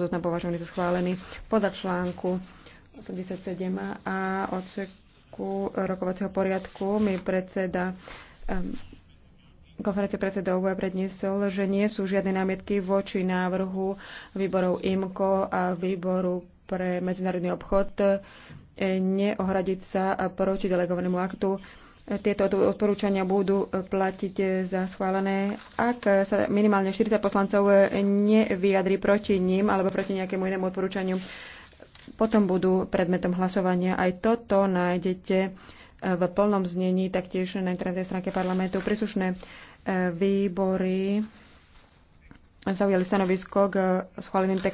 zoznam považovaný za schválený podľa článku 87 a odseku rokovacieho poriadku mi predseda konferencie predsedov predniesol, že nie sú žiadne námietky voči návrhu výborov IMCO a výboru pre medzinárodný obchod e, neohradiť sa proti delegovanému aktu tieto odporúčania budú platiť za schválené, ak sa minimálne 40 poslancov nevyjadri proti ním alebo proti nejakému inému odporúčaniu. Potom budú predmetom hlasovania. Aj toto nájdete v plnom znení, taktiež na internetovej stránke parlamentu. Príslušné e, výbory zaujali stanovisko k schváleným textom.